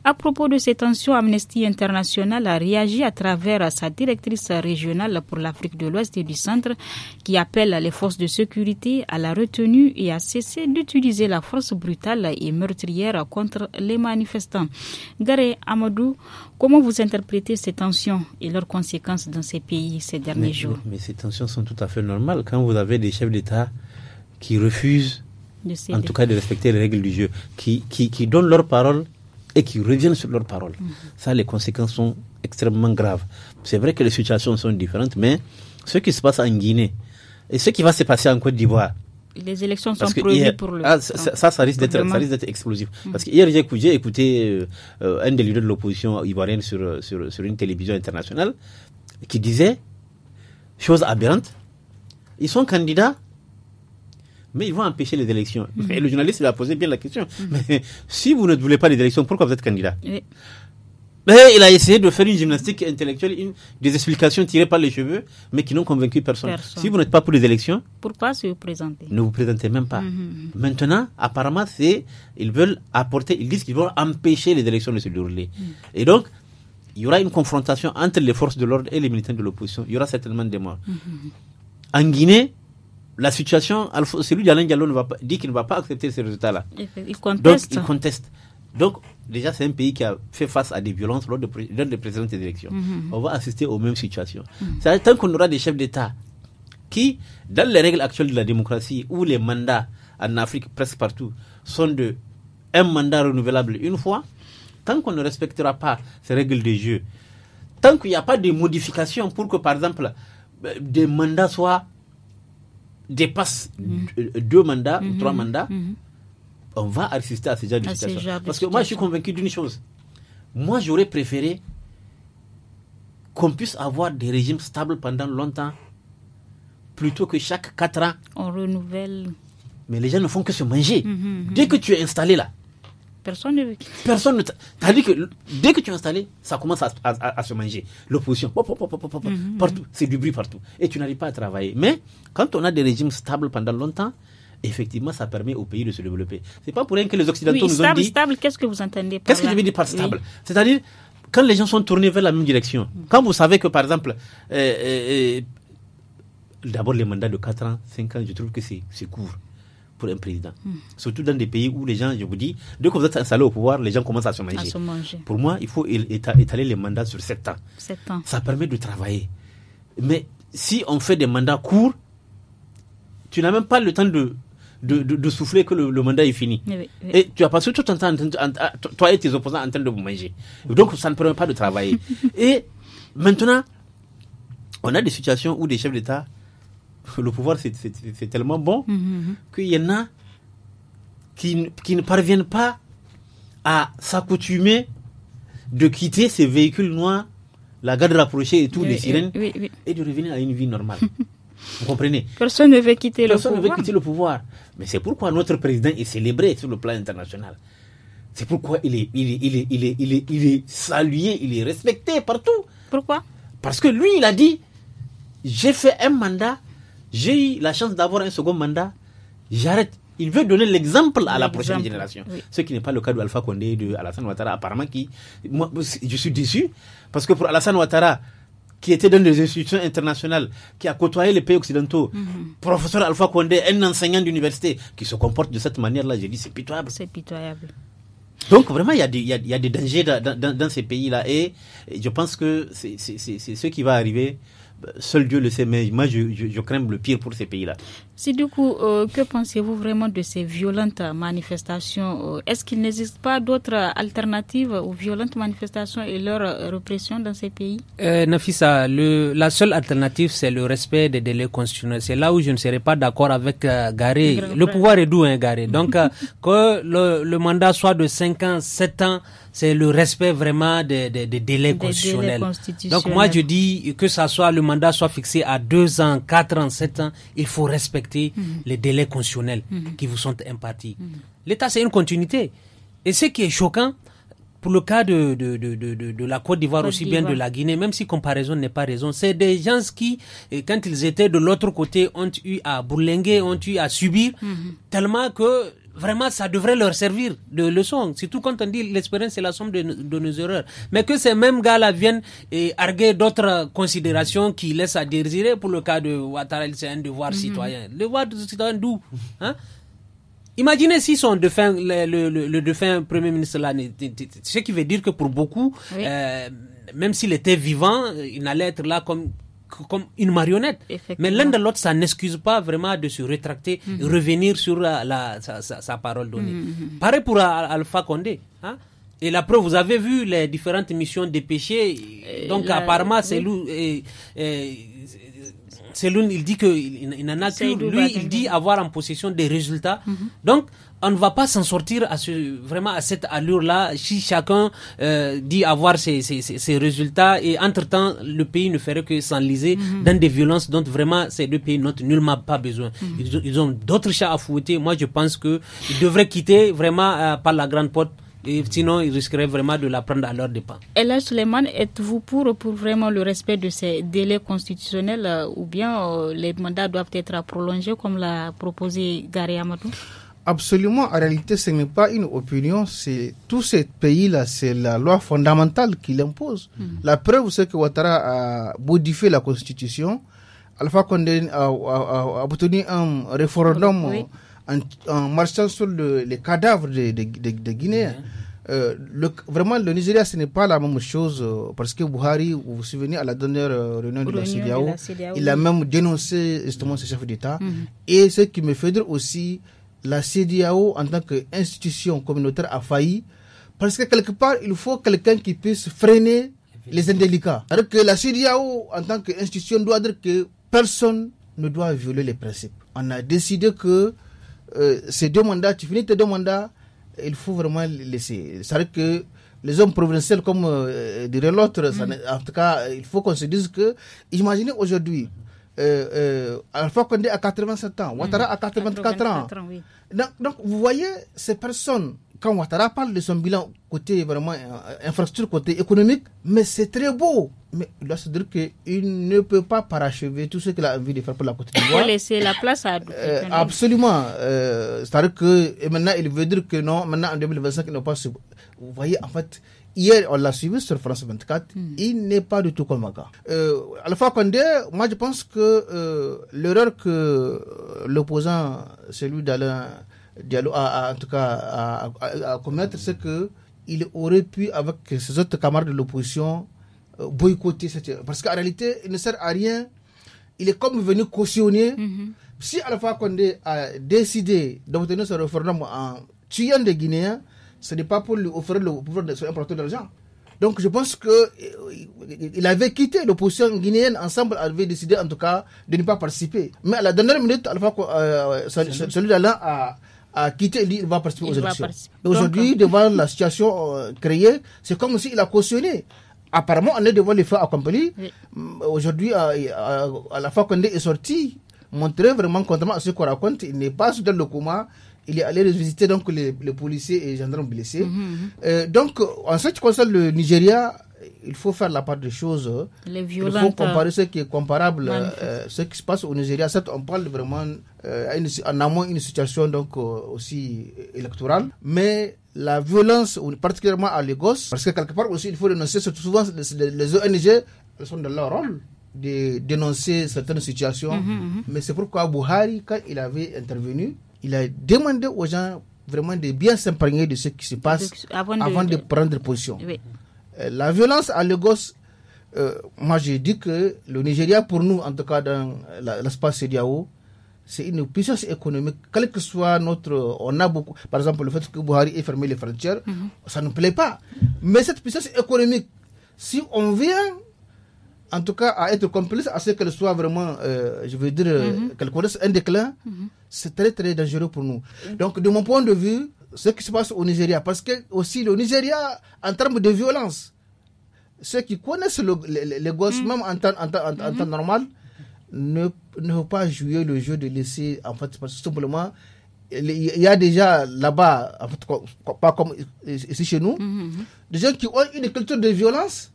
À propos de ces tensions, Amnesty International a réagi à travers sa directrice régionale pour l'Afrique de l'Ouest et du Centre qui appelle les forces de sécurité à la retenue et à cesser d'utiliser la force brutale et meurtrière contre les manifestants. Garé Amadou, Comment vous interprétez ces tensions et leurs conséquences dans ces pays ces derniers jours mais, ces tensions sont tout à fait normales quand vous avez des chefs d'État qui refusent, en tout cas, de respecter les règles du jeu, qui, qui, donnent leur parole et qui reviennent sur leur parole. Mhm. Ça, les conséquences sont extrêmement graves. C'est vrai que les situations sont différentes, mais ce qui se passe en Guinée et ce qui va se passer en Côte d'Ivoire, les élections sont prévues pour le. Ah, ça, ça, risque d'être explosif. Hmm. Parce que j'ai écouté euh, euh, un des leaders de l'opposition ivoirienne euh, sur, une télévision internationale qui disait chose aberrante, ils sont candidats. Mais ils vont empêcher les élections. Hmm. Et le journaliste il a posé bien la question. Hmm. Mais [LAUGHS] si vous ne voulez pas les élections, pourquoi vous êtes candidat mais il a essayé de faire une gymnastique intellectuelle, une, des explications tirées par les cheveux, mais qui n'ont convaincu personne. Si vous n'êtes pas pour les élections, pourquoi se présenter Ne vous présentez même pas. Mhm, mhm. Maintenant, apparemment, c'est ils veulent apporter, ils disent qu'ils vont empêcher les élections de se dérouler. Mhm. Et donc, il y aura une confrontation entre les forces de l'ordre et les militants de l'opposition. Il y aura certainement des morts. En Guinée, la situation, celui d'Alain Diallo ne va pas, dit qu'il ne va pas accepter ces résultats-là. Il conteste. Donc, il conteste. Donc, déjà c'est un pays qui a fait face à des violences lors, des précédentes élections. Mhm, mhm. On va assister aux mêmes situations. Mhm. Tant qu'on aura des chefs d'État qui, dans les règles actuelles de la démocratie, où les mandats en Afrique, presque partout, sont de un mandat renouvelable une fois, tant qu'on ne respectera pas ces règles de jeu, tant qu'il n'y a pas de modification pour que, par exemple, euh, des mandats soient dépassent deux mandats ou trois mandats, on va assister à ces gens de Parce que moi, je suis convaincu d'une chose. Moi, j'aurais préféré qu'on puisse avoir des régimes stables pendant longtemps, plutôt que chaque 4 ans. On renouvelle. Mais les gens ne font que se manger. Mhm, mhm. Dès que tu es installé là, personne ne veut. Personne ne. T'as dit que dès que tu es installé, ça commence à, se manger. L'opposition, mhm, partout, c'est du bruit partout. Et tu n'arrives pas à travailler. Mais quand on a des régimes stables pendant longtemps, effectivement, ça permet au pays de se développer. C'est pas pour rien que les Occidentaux nous stable, ont dit. Stable, qu'est-ce que vous entendez par Qu'est-ce que je veux dire par stable C'est-à-dire, quand les gens sont tournés vers la même direction, mm. quand vous savez que, par exemple, euh, euh, euh, d'abord les mandats de 4 ans, 5 ans, je trouve que c'est court pour un président. Mm. Surtout dans des pays où les gens, je vous dis, dès que vous êtes installé au pouvoir, les gens commencent à se manger. À se manger. Pour moi, il faut étaler les mandats sur 7 ans. 7 ans. Ça permet de travailler. Mais si on fait des mandats courts, tu n'as même pas le temps de de, de, souffler que le, mandat est fini. Eh eh et tu as passé tout ton temps, toi et tes opposants, en train de vous manger. Donc, ça ne permet pas de travailler. [LAUGHS] et maintenant, on a des situations où des chefs d'État, [LAUGHS] le pouvoir, c'est tellement bon hum, hum, hum. qu'il y en a qui, qui ne parviennent pas à s'accoutumer de quitter ces véhicules noirs la garde rapprochée et tout, eh Les sirènes, et de revenir à une vie normale. [LAUGHS] Vous comprenez Personne ne veut quitter le pouvoir. ne veut quitter le pouvoir. Mais c'est pourquoi notre président est célébré sur le plan international. C'est pourquoi il est, il, est, il, est, il, est, il, est, salué, il est respecté partout. Pourquoi Parce que lui, il a dit, j'ai fait un mandat, j'ai eu la chance d'avoir un second mandat, j'arrête. Il veut donner l'exemple à la prochaine génération. Ce qui n'est pas le cas de Alpha Condé, de Alassane Ouattara, apparemment qui. Moi, je suis déçu, parce que pour Alassane Ouattara, qui était dans des institutions internationales, qui a côtoyé les pays occidentaux, mhm. professeur Alpha Condé, un enseignant d'université, qui se comporte de cette manière-là, j'ai dit, c'est pitoyable. C'est pitoyable. Donc vraiment, il y a des, y a, des dangers dans, ces pays-là. Et je pense que c'est ce qui va arriver. Seul Dieu le sait, mais moi, je, je crains le pire pour ces pays-là. Si du coup, euh, que pensez-vous vraiment de ces violentes manifestations euh, Est-ce qu'il n'existe pas d'autres alternatives aux violentes manifestations et leur répression dans ces pays euh, Nafisa, le, la seule alternative, c'est le respect des délais constitutionnels. C'est là où je ne serais pas d'accord avec euh, Le pouvoir est doux, hein, Garé. Donc, [LAUGHS] que le, mandat soit de 5 ans, 7 ans, c'est le respect vraiment des, délais, constitutionnels. Donc, moi, je dis que ça soit, le mandat soit fixé à 2 ans, 4 ans, 7 ans, il faut respecter Mhm. les délais constitutionnels mhm. qui vous sont impartis. L'État, c'est une continuité. Et ce qui est choquant, pour le cas de, de, de la Côte d'Ivoire, aussi bien de la Guinée, même si comparaison n'est pas raison, c'est des gens qui, eh, quand ils étaient de l'autre côté, ont eu à bourlinguer, ont eu à subir, mhm. tellement que vraiment, ça devrait leur servir de leçon. Surtout quand on dit l'espérance, c'est la somme de, nos erreurs. Mais que ces mêmes gars-là viennent et arguer d'autres considérations qui laissent à désirer. Pour le cas de Ouattara, c'est un devoir mhm. citoyen. Le devoir citoyen d'où hein? Imaginez si son défunt, le, le, défunt premier ministre là, ce qui veut dire que pour beaucoup, euh, même s'il était vivant, euh, il n'allait être là comme comme une marionnette. Mais l'un de l'autre, ça n'excuse pas vraiment de se rétracter et mhm. revenir sur la, sa, parole donnée. Mhm, mhm, Pareil pour Alpha Condé. Hein? Et la preuve, vous avez vu les différentes missions dépêchées. Donc, à apparemment, c'est lui il dit qu'il il, il en a Lui, il dit avoir en possession des résultats. Donc, on ne va pas s'en sortir à ce, vraiment à cette allure-là si chacun euh, dit avoir ses, résultats et entre-temps, le pays ne ferait que s'enliser mhm. dans des violences dont vraiment ces deux pays n'ont nullement pas besoin. Mhm. ils, ont d'autres chats à fouetter. Moi, je pense qu'ils devraient quitter vraiment euh, par la grande porte. Et sinon, ils risqueraient vraiment de la prendre à leur départ. Et là, Suleiman, êtes-vous pour, pour vraiment le respect de ces délais constitutionnels euh, ou bien les mandats doivent être prolongés comme l'a proposé Gary Amadou Absolument, en réalité, ce n'est pas une opinion, c'est tout ces pays-là, c'est la loi fondamentale qui l'impose. Hmm. La preuve, c'est que Ouattara a modifié la constitution. Alpha Condé a, a, a, obtenu un référendum en, marchant sur le, les cadavres des de, de, Guinéens. Euh, vraiment, le Nigeria, ce n'est pas la même chose euh, parce que Buhari, vous vous souvenez, à la dernière euh, réunion, de la, CDAO, il a même dénoncé justement ce chef d'État. Hmm. Et ce qui me fait dire aussi, la CDAO en tant qu'institution communautaire a failli parce que quelque part, il faut quelqu'un qui puisse freiner les indélicats. Alors que la CDAO en tant qu'institution doit dire que personne ne doit violer les principes. On a décidé que euh, ces deux mandats, tu finis tes deux mandats, il faut vraiment les laisser. C'est-à-dire que les hommes provinciaux, comme euh, dirait l'autre, mm. en tout cas, il faut qu'on se dise que, imaginez aujourd'hui, euh, Alpha euh, Condé à 87 ans, Ouattara mm. à 84, ans. donc, donc, vous voyez, ces personnes, quand Ouattara parle de son bilan côté vraiment euh, infrastructure, côté économique, mais c'est très beau. Mais il doit se dire qu'il ne peut pas parachever tout ce qu'il a envie de faire pour la Côte d'Ivoire. Il laisser la place à. Euh, absolument. C'est-à-dire que et maintenant, il veut dire que non, maintenant en 2025, il peut pas. Vous voyez, en fait, Hier, on l'a suivi sur France 24. Hmm. Il n'est pas du tout convaincant. Euh, Alpha Condé, moi, je pense que euh, l'erreur que euh, l'opposant, celui d'Alain Diallo, a, en tout cas, a, commettre, c'est que il aurait pu, avec ses autres camarades de l'opposition, euh, boycotter cette. Parce qu'en réalité, il ne sert à rien. Il est comme venu cautionner. Mm-hmm. Si Alpha Condé a décidé d'obtenir ce référendum en tuant des Guinéens, ce n'est pas pour lui offrir le pouvoir de l'argent. Donc je pense que euh, il avait quitté l'opposition guinéenne ensemble, avait décidé en tout cas de ne pas participer. Mais à la dernière minute, euh, euh, celui d'Alain a, quitté, il va participer aux élections. Aujourd'hui, devant la situation créée, c'est comme s'il a cautionné apparemment, on est devant les faits accomplis. Mm, aujourd'hui, à, la fois qu'on est sorti, montrer vraiment, contrairement à ce qu'on raconte, il n'est pas sous le coma, il est allé visiter donc les, policiers et les gendarmes blessés. Mhm, mhm. Euh, donc, en ce qui concerne le Nigeria, il faut faire la part des choses. Les il faut comparer ce qui est comparable, à euh, ce qui se passe au Nigeria. Certes, on parle vraiment euh, en amont une situation donc aussi électorale, mais la violence, particulièrement à Lagos, parce que quelque part aussi il faut dénoncer, souvent les, ONG sont dans leur rôle de dénoncer certaines situations, mhm, mais c'est pourquoi Buhari, quand il avait intervenu, il a demandé aux gens vraiment de bien s'imprégner de ce qui se passe avant, de, prendre position. Euh, la violence à Lagos, euh, moi j'ai dit que le Nigeria, pour nous, en tout cas dans l'espace CDAO, c'est une puissance économique, quelle que soit notre. On a beaucoup. Par exemple, le fait que Buhari ait fermé les frontières, mhm. ça ne plaît pas. Mais cette puissance économique, si on vient, en tout cas, à être complice à ce qu'elle soit vraiment, euh, je veux dire, mhm. qu'elle connaisse un déclin, mhm c'est très très dangereux pour nous. Donc de mon point de vue, ce qui se passe au Nigeria, parce que aussi le Nigeria, en termes de violence, ceux qui connaissent le, les, gosses, mm. même en temps, en en, mm-hmm. normal, ne, ne pas jouer le jeu de laisser, en fait, parce que simplement, il y a déjà là-bas, en fait, pas comme ici chez nous, mm-hmm. des gens qui ont une culture de violence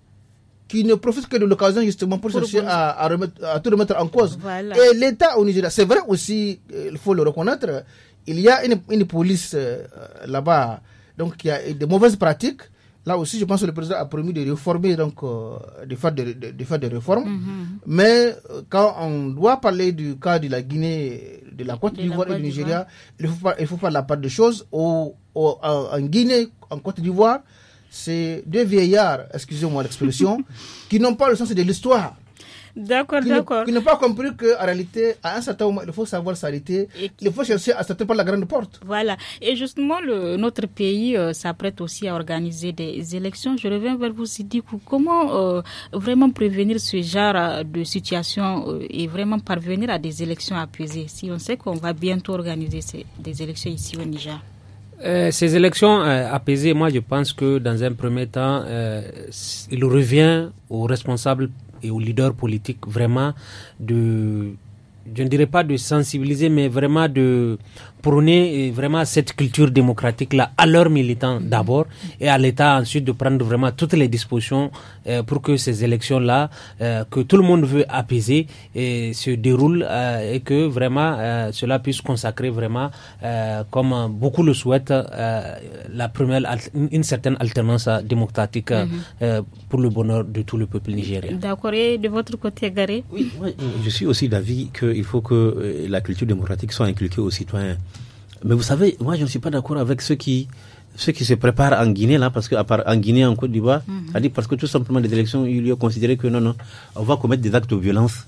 qui ne profitent que de l'occasion justement pour, se chercher à, remettre, tout remettre en cause. Et l'État au Nigeria, c'est vrai aussi, euh, il faut le reconnaître, il y a une, police euh, là-bas, donc il y a de mauvaises pratiques. Là aussi, je pense que le président a promis de réformer, donc euh, de, faire de, faire des réformes. Mm-hmm. Mais quand on doit parler du cas de la Guinée, de la Côte d'Ivoire et du Nigeria, il faut, pas, il faut faire la part des choses. au, en Guinée, en Côte d'Ivoire, c'est deux vieillards, excusez-moi l'expression, [LAUGHS] qui n'ont pas le sens de l'histoire. D'accord, d'accord. Qui n'ont pas compris qu'en réalité, à un certain moment, il faut savoir s'arrêter. Il faut chercher à sortir par la grande porte. Voilà. Et justement, le, notre pays euh, s'apprête aussi à organiser des élections. Je reviens vers vous, Sidikou. Comment euh, vraiment prévenir ce genre euh, de situation et vraiment parvenir à des élections apaisées si on sait qu'on va bientôt organiser des élections ici au Niger euh, ces élections euh, apaisées, moi je pense que dans un premier temps, euh, il revient aux responsables et aux leaders politiques vraiment de je ne dirais pas de sensibiliser, mais vraiment de prôner euh, vraiment cette culture démocratique-là à leurs militants mhm. d'abord et à l'État ensuite de prendre vraiment toutes les dispositions euh, pour que ces élections-là, euh, que tout le monde veut apaiser, se déroulent et que vraiment cela puisse consacrer vraiment, comme beaucoup le souhaitent, la première, une certaine alternance démocratique mhm. pour le bonheur de tout le peuple nigérien. D'accord. Et de votre côté, Garé oui je suis aussi d'avis que il faut que euh, la culture démocratique soit inculquée aux citoyens. Mais vous savez, moi je ne suis pas d'accord avec ceux qui ceux qui se préparent en Guinée là, parce que part en Guinée, en Côte d'Ivoire, mhm. parce que tout simplement les élections il y a considéré que non non, on va commettre des actes de violence,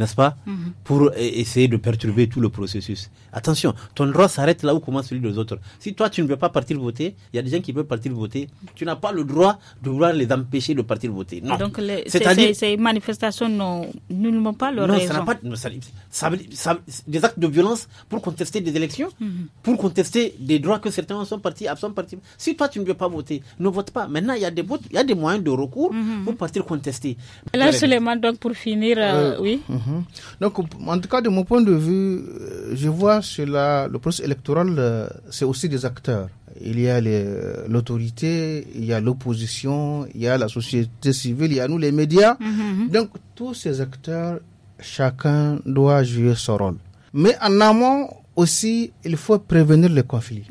n'est-ce pas, mhm. pour e-, essayer de perturber tout le processus. Attention, ton droit s'arrête là où commence celui des autres. Si toi, tu ne veux pas partir voter, il y a des gens qui veulent partir voter. Tu n'as pas le droit de vouloir les empêcher de partir voter. Non. Donc, ces, manifestations n'ont nullement pas leur non, Ça n'a pas, des actes de violence pour contester des élections, mhm. pour contester des droits que certains sont partis, absents partis. Si toi, tu ne veux pas voter, ne vote pas. Maintenant, il y a des il y a des moyens de recours mhm. pour partir contester. Là, seulement, donc, pour finir, euh, euh, oui. Mhm. Donc, en tout cas, de mon point de vue, euh, je vois sur le processus électoral, euh, c'est aussi des acteurs. Il y a euh, l'autorité, il y a l'opposition, il y a la société civile, il y a nous les médias. Mhm, mhm. Donc tous ces acteurs, chacun doit jouer son rôle. Mais en amont aussi, il faut prévenir les conflits.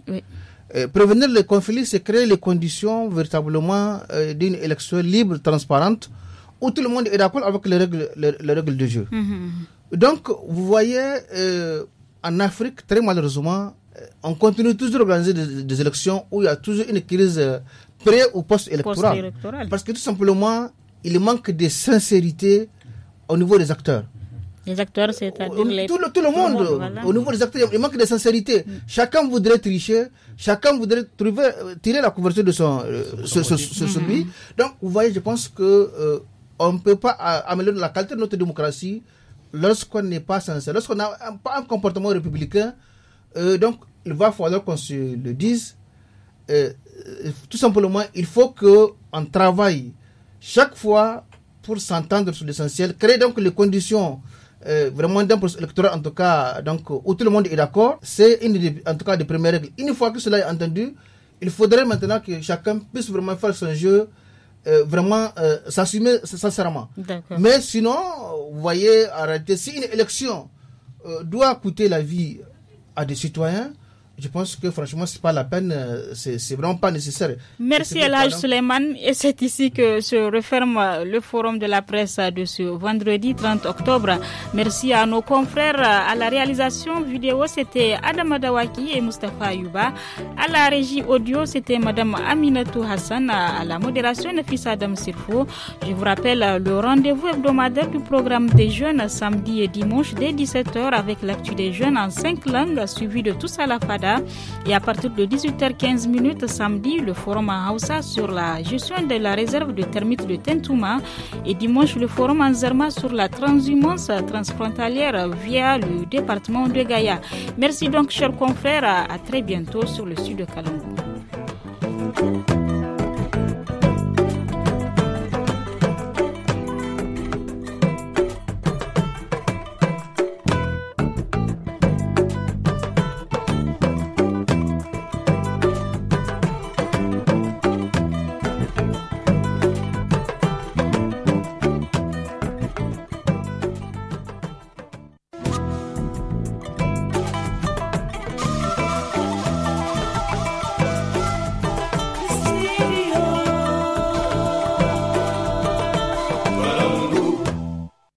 Euh, prévenir les conflits, c'est créer les conditions véritablement d'une élection libre, transparente, où tout le monde est d'accord avec les règles, les, règles de jeu. Mhm, Donc, vous voyez, en Afrique, très malheureusement, euh, on continue toujours d'organiser des, élections où il y a toujours une crise euh, pré- ou post-électorale. parce que tout simplement, il manque de sincérité au niveau des acteurs. Les acteurs, c'est-à-dire les... tout, le, monde, au niveau des acteurs, il manque de sincérité. Mm. Chacun voudrait tricher, chacun voudrait trouver, euh, tirer la couverture de son, mm-hmm. Donc, vous voyez, je pense que on ne peut pas améliorer la qualité de notre démocratie lorsqu'on n'est pas censé, lorsqu'on n'a pas un comportement républicain, euh, donc il va falloir qu'on se le dise. Euh, euh, tout simplement, il faut qu'on travaille chaque fois pour s'entendre sur l'essentiel, créer donc les conditions euh, vraiment d'un processus électoral, en tout cas, donc, où tout le monde est d'accord. C'est une en tout cas, des premières règles. Une fois que cela est entendu, il faudrait maintenant que chacun puisse vraiment faire son jeu euh, vraiment euh, s'assumer sincèrement. Mais sinon, vous voyez, arrêtez. Si une élection euh, doit coûter la vie à des citoyens, je pense que franchement, ce n'est pas la peine, euh, c'est vraiment pas nécessaire. Merci à l'âge Suleiman. Et c'est ici que se referme euh, le forum de la presse de ce vendredi 30 octobre. Merci à nos confrères euh, à la réalisation vidéo, c'était Adam Adawaki et Mustafa Yuba. À la régie audio, c'était Madame Aminatou Hassan. À la modération, fils Adam Sirfo. Je vous rappelle le rendez-vous hebdomadaire du programme des jeunes samedi et dimanche dès 17h avec l'actu des jeunes en cinq langues suivi de tous à la FADA et à partir de 18h15 samedi, le forum à Hausa sur la gestion de la réserve de termites de Tentuma. Et dimanche, le forum en Zerma sur la transhumance transfrontalière via le département de Gaïa. Merci donc, chers confrères. À très bientôt sur le sud de Kalangou.